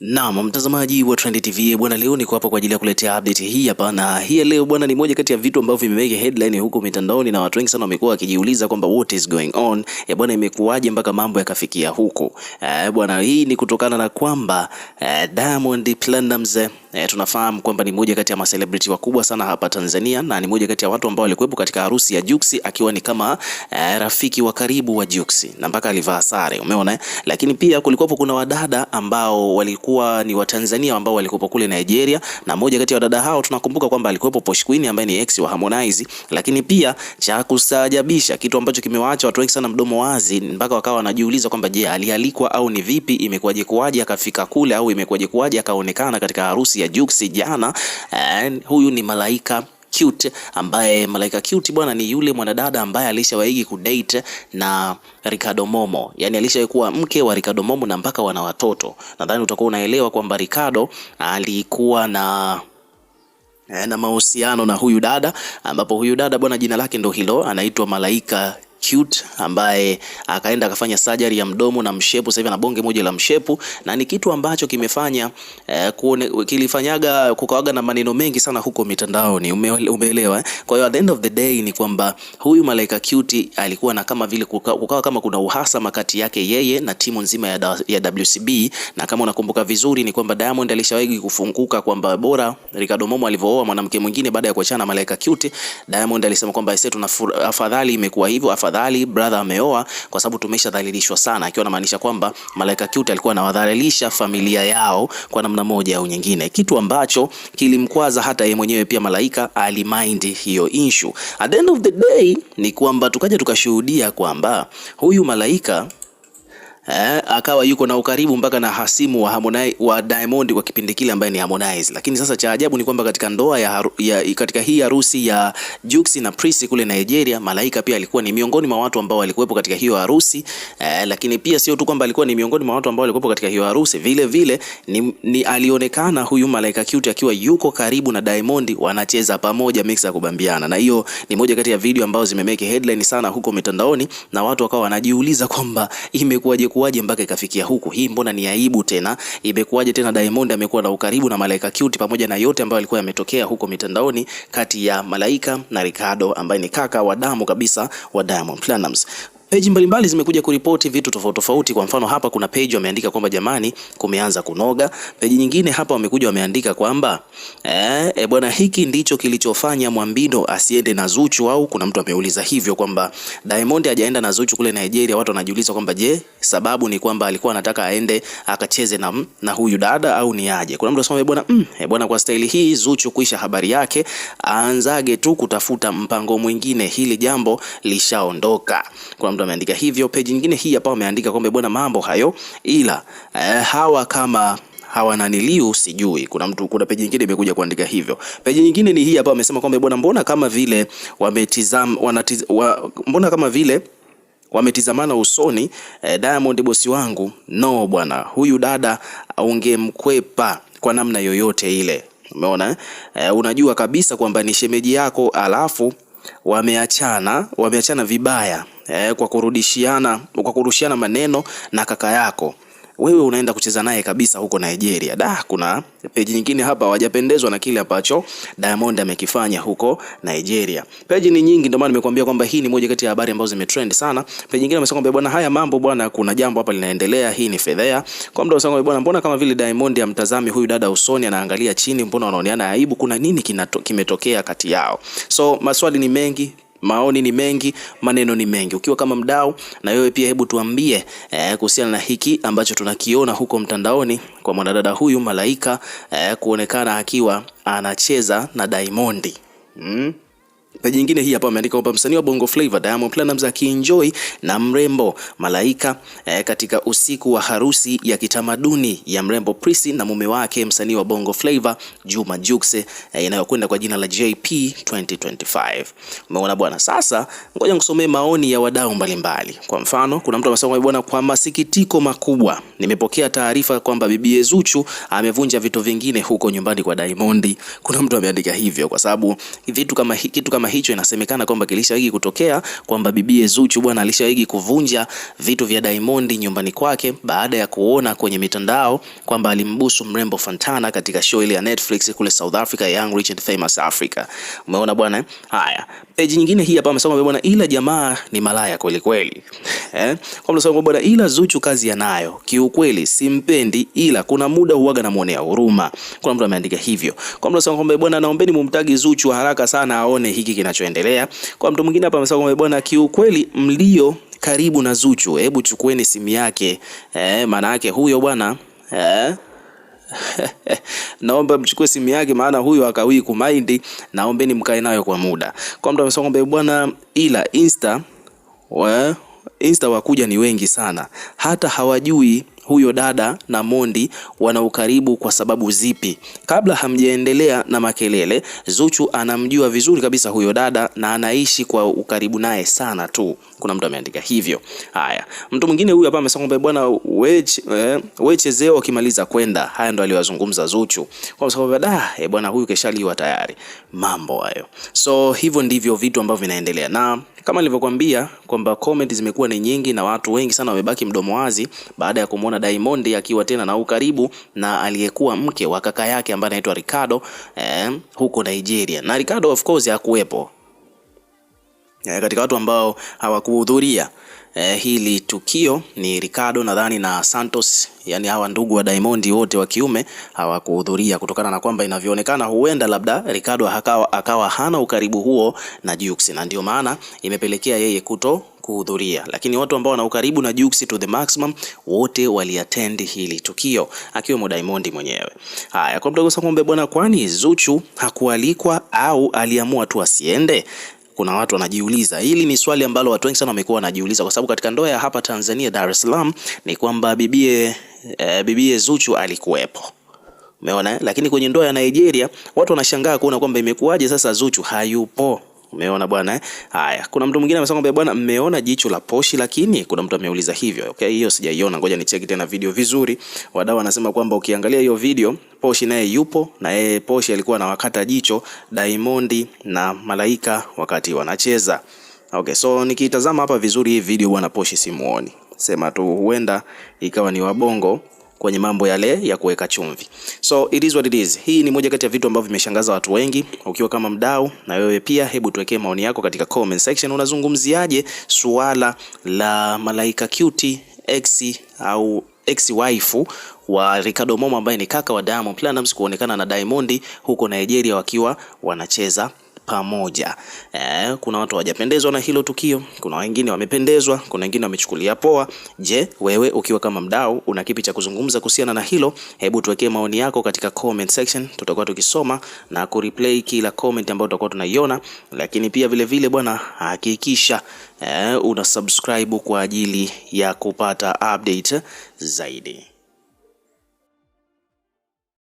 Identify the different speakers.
Speaker 1: Naam, mtazamaji wa Trend TV bwana, leo niko hapa kwa ajili ya kuletea update hii hapa, na hii leo bwana ni moja kati ya vitu ambavyo vimeweka headline huko mitandaoni na watu wengi sana wamekuwa wakijiuliza kwamba what is going on eh bwana, imekuwaje mpaka mambo yakafikia huko eh, bwana. Hii ni kutokana na kwamba eh, Diamond Platinumz eh, e, tunafahamu kwamba ni moja kati ya maselebriti wakubwa sana hapa Tanzania na ni moja kati ya watu ambao walikuwepo katika harusi ya Juksi akiwa ni kama e, rafiki wa karibu wa Juksi na mpaka alivaa sare, umeona. Lakini pia kulikuwapo kuna wadada ambao walikuwa ni Watanzania ambao walikuwepo kule Nigeria, na moja kati ya wadada hao tunakumbuka kwamba alikuwepo Posh Queen ambaye ni ex wa Harmonize. Lakini pia cha kustajabisha, kitu ambacho kimewaacha watu wengi sana mdomo wazi, mpaka wakawa wanajiuliza kwamba je, alialikwa au ni vipi? Imekuwaje kuwaje akafika kule au imekuwaje kuwaje akaonekana katika harusi ya Jux jana. Huyu ni Malaika Cute ambaye Malaika Cute bwana ni yule mwanadada ambaye alishawahi kudate na Ricardo Momo, yani alishawahi kuwa mke wa Ricardo Momo na mpaka wana watoto. Nadhani utakuwa unaelewa kwamba Ricardo alikuwa na eh, na mahusiano na huyu dada ambapo huyu dada bwana jina lake ndo hilo anaitwa Malaika Cute ambaye akaenda akafanya surgery ya mdomo na mshepu, sasa hivi ana bonge moja la mshepu, na ni kitu ambacho kimefanya eh, kuone, kilifanyaga kukawaga na maneno mengi sana huko mitandaoni, umeelewa eh? Kwa hiyo at the end of the day ni kwamba huyu Malaika Cute alikuwa na kama vile kukawa, kukawa kama kuna uhasama kati yake yeye na timu nzima ya, da, ya WCB, na kama unakumbuka vizuri ni kwamba Diamond alishawahi kufunguka kwamba bora Ricardo Momo alivyooa mwanamke mwingine baada ya kuachana na Malaika Cute, Diamond alisema kwamba sasa tuna afadhali imekuwa hivyo afadhali tafadhali brother ameoa, kwa sababu tumeshadhalilishwa sana, akiwa anamaanisha kwamba Malaika Cute alikuwa anawadhalilisha familia yao kwa namna moja au nyingine, kitu ambacho kilimkwaza hata yeye mwenyewe. Pia Malaika alimind hiyo issue. At the end of the day ni kwamba tukaja tukashuhudia kwamba huyu Malaika eh, akawa yuko na ukaribu mpaka na hasimu wa Harmonize, wa Diamond kwa kipindi kile ambaye ni Harmonize. Lakini sasa cha ajabu ni kwamba katika ndoa ya, haru, ya katika hii harusi ya Jux na Prissy kule Nigeria, Malaika pia alikuwa ni miongoni mwa watu ambao walikuwepo katika hiyo harusi eh, lakini pia sio tu kwamba alikuwa ni miongoni mwa watu ambao walikuwepo katika hiyo harusi vile vile ni, ni alionekana huyu Malaika Cute akiwa yuko karibu na Diamond wanacheza pamoja mix ya kubambiana, na hiyo ni moja kati ya video ambazo zimemeke headline sana huko mitandaoni na watu wakawa wanajiuliza kwamba imekuwaje imekuwaje mpaka ikafikia huku? Hii mbona ni aibu tena, imekuwaje tena Diamond amekuwa na ukaribu na Malaika Cute pamoja na yote ambayo alikuwa yametokea huko mitandaoni kati ya Malaika na Ricardo ambaye ni kaka wa damu kabisa wa Diamond Platnumz. Page mbalimbali zimekuja kuripoti vitu tofauti tofauti. Kwa mfano hapa kuna page wameandika kwamba jamani, kumeanza kunoga. Page nyingine hapa wamekuja wameandika kwamba eh, e bwana, hiki ndicho kilichofanya Mwambindo asiende na Zuchu. Au kuna mtu ameuliza hivyo kwamba Diamond hajaenda na Zuchu kule Nigeria. Watu wanajiuliza kwamba je, sababu ni kwamba alikuwa anataka aende akacheze na, na huyu dada au ni aje? Kuna mtu anasema bwana, mm, e bwana, kwa staili hii Zuchu kuisha habari yake aanzage tu kutafuta mpango mwingine, hili jambo lishaondoka. Kuna mtu ameandika hivyo. Page nyingine hii hapa wameandika kwamba bwana, mambo hayo ila eh, hawa kama hawa hawananiliu sijui. Kuna mtu, kuna peji nyingine imekuja kuandika hivyo. Peji nyingine ni hii hapa, wamesema kwamba bwana, mbona kama vile wametizam wanatiz, wa, mbona kama vile wametizamana usoni eh, Diamond bosi wangu. No bwana, huyu dada ungemkwepa kwa namna yoyote ile. Umeona eh, unajua kabisa kwamba ni shemeji yako, alafu wameachana, wameachana vibaya eh, kwa kurudishiana kwa kurushiana maneno na kaka yako wewe unaenda kucheza naye kabisa huko Nigeria. Da, kuna peji nyingine hapa hawajapendezwa na kile ambacho Diamond amekifanya huko Nigeria. Peji ni nyingi, ndio maana nimekuambia kwamba hii ni moja kati ya habari ambazo zimetrend sana. Peji nyingine amesema kwamba bwana, haya mambo bwana, kuna jambo hapa linaendelea, hii ni fedhea. Kwa mda usema bwana, mbona kama vile Diamond amtazami huyu dada usoni, anaangalia chini, mbona wanaoneana aibu? Kuna nini kimetokea kati yao? So maswali ni mengi. Maoni ni mengi, maneno ni mengi. Ukiwa kama mdau na wewe pia, hebu tuambie eh, kuhusiana na hiki ambacho tunakiona huko mtandaoni kwa mwanadada huyu Malaika eh, kuonekana akiwa anacheza na Diamond. Mm. Peji nyingine hii hapa ameandika kwamba msanii wa Bongo Flava Diamond Platnumz akienjoy na mrembo Malaika eh, katika usiku wa harusi ya kitamaduni ya mrembo Prissy na mume wake msanii wa Bongo Flava Juma Jukse eh, inayokwenda kwa jina la JP 2025. Umeona bwana, sasa ngoja nikusomee maoni ya wadau mbalimbali. Kwa mfano, kuna mtu amesema bwana, kwa masikitiko makubwa nimepokea taarifa kwamba bibi Zuchu amevunja vitu vingine huko nyumbani kwa Diamond. Kuna mtu ameandika hivyo kwa sababu vitu kama kitu kama kama hicho, inasemekana kwamba kilishawahi kutokea kwamba bibie Zuchu bwana alishawahi kuvunja vitu vya Diamond nyumbani kwake baada ya kuona kwenye mitandao kwamba alimbusu mrembo Fantana katika show ile ya Netflix kule South Africa, Young Rich and Famous Africa. Umeona bwana? Eh? Haya, page nyingine hii hapa amesema bwana, ila jamaa ni malaya kweli kweli, eh, kwa bwana, ila Zuchu kazi yanayo kiukweli, simpendi, ila kuna muda huaga namuonea huruma. Kuna mtu ameandika hivyo, kwa mtu anasema kwamba bwana, naombeni mumtagi Zuchu haraka sana aone hiki hiki kinachoendelea. Kwa mtu mwingine hapa amesema kwamba bwana, kiukweli mlio karibu na Zuchu, hebu chukueni simu yake eh, maana yake huyo bwana eh? naomba mchukue simu yake, maana huyo akawii kumaindi, naombeni mkae nayo kwa muda. Kwa mtu amesema kwamba bwana, ila insta we, eh, Insta wakuja ni wengi sana, hata hawajui huyo dada na Mondi wana ukaribu kwa sababu zipi? Kabla hamjaendelea na makelele, Zuchu anamjua vizuri kabisa huyo dada na anaishi kwa ukaribu naye sana tu. Kuna mtu ameandika hivyo. Haya, mtu mwingine huyu hapa amesema kwamba bwana weche eh, weche zeo akimaliza kwenda. Haya ndo aliwazungumza Zuchu kwa sababu da ah, e, eh, bwana huyu keshaliwa tayari, mambo hayo. So hivyo ndivyo vitu ambavyo vinaendelea, na kama nilivyokuambia kwamba comment zimekuwa ni nyingi na watu wengi sana wamebaki mdomo wazi baada ya kumwona Diamond akiwa tena na ukaribu na aliyekuwa mke wa kaka yake ambaye anaitwa Ricardo eh, huko Nigeria na Ricardo of course hakuwepo eh, katika watu ambao hawakuhudhuria eh, hili tukio ni Ricardo nadhani na Santos, yani hawa ndugu wa Diamond wote wa kiume hawakuhudhuria kutokana na kwamba inavyoonekana huenda labda Ricardo akawa, akawa hana ukaribu huo na Jux, na ndio maana imepelekea yeye kuto kuhudhuria, lakini watu ambao wana ukaribu na Jux to the maximum wote waliattend hili tukio akiwemo Diamond mwenyewe. Haya, kwa mdogo kumbe, bwana, kwani Zuchu hakualikwa au aliamua tu asiende? Kuna watu wanajiuliza hili. Ni swali ambalo watu wengi sana wamekuwa wanajiuliza, kwa sababu katika ndoa ya hapa Tanzania, Dar es Salaam, ni kwamba bibie, eh, bibie Zuchu alikuwepo, umeona. Eh? Lakini kwenye ndoa ya Nigeria watu wanashangaa kuona kwamba imekuwaje sasa Zuchu hayupo. Umeona bwana eh? Haya, kuna mtu mwingine amesema kwamba bwana, mmeona jicho la Poshi lakini kuna mtu ameuliza hivyo. Okay, hiyo sijaiona, ngoja check tena video vizuri. Wadau wanasema kwamba ukiangalia hiyo video Poshi naye yupo na yeye Poshi alikuwa anawakata jicho Diamond na Malaika wakati wanacheza. Okay, so nikitazama hapa vizuri hii video bwana, Poshi simuoni. Sema tu huenda ikawa ni wabongo kwenye mambo yale ya kuweka chumvi. So it is what it is. Hii ni moja kati ya vitu ambavyo vimeshangaza watu wengi. Ukiwa kama mdau na wewe pia, hebu tuwekee maoni yako katika comment section. Unazungumziaje suala la Malaika Cute ex au ex waifu wa Ricardo Momo ambaye ni kaka wa Diamond Platnumz kuonekana na Diamond huko Nigeria wakiwa wanacheza pamoja. E, kuna watu hawajapendezwa na hilo tukio, kuna wengine wamependezwa, kuna wengine wamechukulia poa. Je, wewe ukiwa kama mdau una kipi cha kuzungumza kuhusiana na hilo? Hebu tuwekee maoni yako katika comment section, tutakuwa tukisoma na kureplay kila comment ambayo tutakuwa tunaiona, lakini pia vile vile bwana, hakikisha e, una subscribe kwa ajili ya kupata update zaidi.